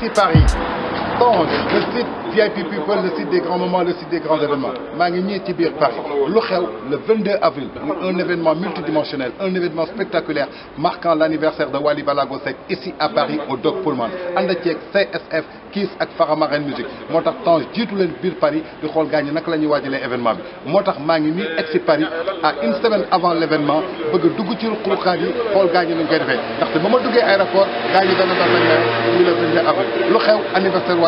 c'est Paris le site VIP People le site des grands moments le site des grands événements Je suis venu ci Paris le 22 avril un événement multidimensionnel un événement spectaculaire marquant l'anniversaire de Wali Balagosek ici à Paris au Dock Pullman ànd CSF Kiss ak Marine Music Musique Je Tange jiitu leen biir Paris di xool gaañ événement bi à Paris à une semaine avant l'événement pour que dugg ci xuruxaat yi le gaañ lañ koy defee ndaxte ba ma duggee aéroport un rapport gagne dans ñu le 22 avril lu xew anniversaire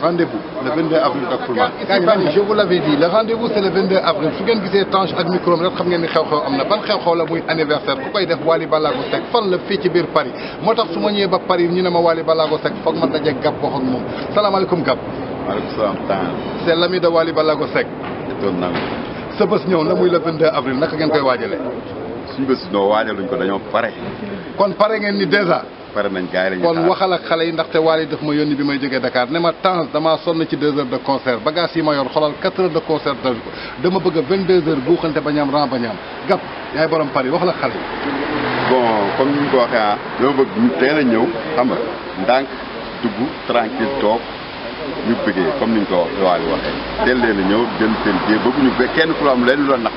rendez-vous le 22 avril d' accord je vous l'avais dit le rendez-vous c'est le 22 avril su ngeen gisee Tange ak micro rek xam ngeen ni xew-xew am na ban xew-xew la muy anniversaire ku koy def Wally Ballago Seck fan la fii ci biir Paris moo tax su ma ñëwee ba Paris ñu ne ma Wally Ballago Seck foog vous daje Gab wax ak moom salaamaaleykum Gab. maaleykum salaam Tange. c' est l' ami de Wally Ballago Seck. doon nangu. sa bés ñëw na muy le 22 avril naka ngeen koy waajalee. suñu bés noo waajaluñ ko dañoo pare. kon le ngeen ni dèjà. pare nañ gars yi lañu kon waxal ak xale yi ndaxte waal yi daf ma yónni bi may jógee Dakar ne ma temps damaa sonn ci deux heures de concert bagage yi ma yor xolal quatre heures de concert dama bëgg a vingt deux heures guuxante ba ñaam ran ba gàpp yaay borom Paris waxal ak xale yi bon comme ni ñu ko waxee ah dama bëgg teel a ñëw xam nga ndànk dugg tranquille toog ñu bëggee comme ni ñu ko waali waxee teel leen a ñëw jël seen jée bëgguñu ba kenn ku am leen lu la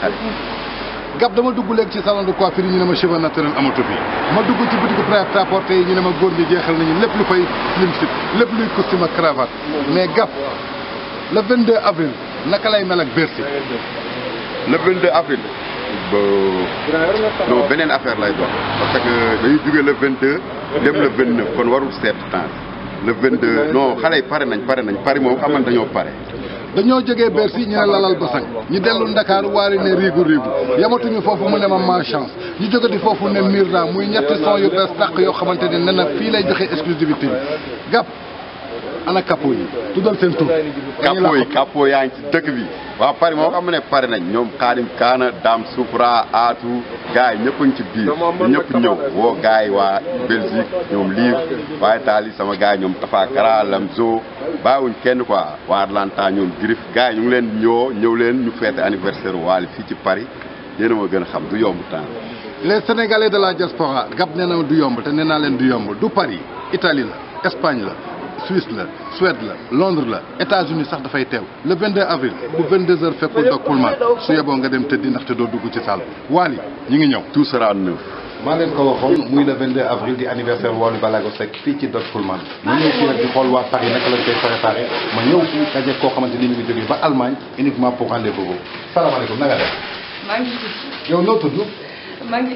gab dama dugg léegi ci salon de coiffure yi ñu ne ma cheveux naturel amatu fi ma dugg ci boutique prêt à porter yi ñu ne ma góor ñi nañu lépp lu fay slim fit luy costume ak cravate mais gab le 22 avril naka lay mel ak Bercy le 22 avril ba non beneen affaire lay doon parce que dañuy jugee le 22 dem le 29 kon warul seet temps le 22 xale yi pare nañ pare nañ pare moom aman dañoo pare dañoo jógee Bercy ñu ne lalal basang ñu dellu Ndakaaru waari ne riigu riigu yamatuñu foofu mu ne ma ma chance ñu jógati foofu ne Mirna muy ñetti son yu bees tàq yoo xamante ne ne na fii lay joxe exclusivité bi gàpp ana capot yi tuddal seen tur. capot yi capot yaa ngi ci dëkk bi. waaw pare moo xam ne pare nañ ñoom Xaadim Kaana Dame Soufra Atou gars yi ñëpp a ci biir ñëpp ñëw woo gars yi waa Belgique ñoom Livre waa Italie sama gars yi ñoom Tafa Kara Lamzo bàyyiwuñ kenn quoi waa Atlanta ñoom Griff gars ñu ngi leen ñoo ñëw leen ñu feete anniversaire waale fii ci Paris yéen a ma gën a xam du yomb temps les de la diaspora gab nee na du yomb te nee naa leen du yomb du Paris Italie la Espagne la Suisse la Suède la Londres la États-Unis sax dafay teew le 22 avril bu 22 heures fekkul doog Pullman su yeboo nga dem tëddi ndaxte doo dugg ci salle bi Wally ñi ngi ñëw. tout sera neuf. maa leen ko waxoon muy le 22 avril di anniversaire Wally Ballago Seck fii ci Dock Pullman ma ñëw fii nag di xool waa Paris naka lañ koy préparé ma ñëw koo xamante ni mu ngi jógee ba Allemagne uniquement pour rendez-vous boobu salaamaaleykum na nga maa ngi tudd. yow noo tudd. maa ngi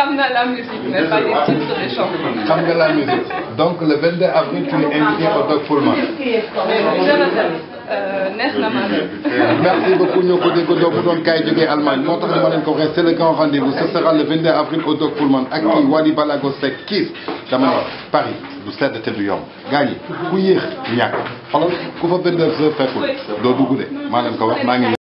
xam na la musique mais pas les titres des chansons. xam nga la musique donc le 22 avril tu es invité au Doc Pullman. Jonathan euh, neex merci beaucoup ñoo ko déggoo doo ko doon kaay Allemagne moo tax dama leen ko c'est le grand rendez-vous ce sera le 22 avril au Doc Pullman ak kii Wally Balago Seck kiis dama Paris du sedd te du yomb gaa ñi ku yéex ñàkk xoolal ku fa 22 heures fekkul doo dugg ko wax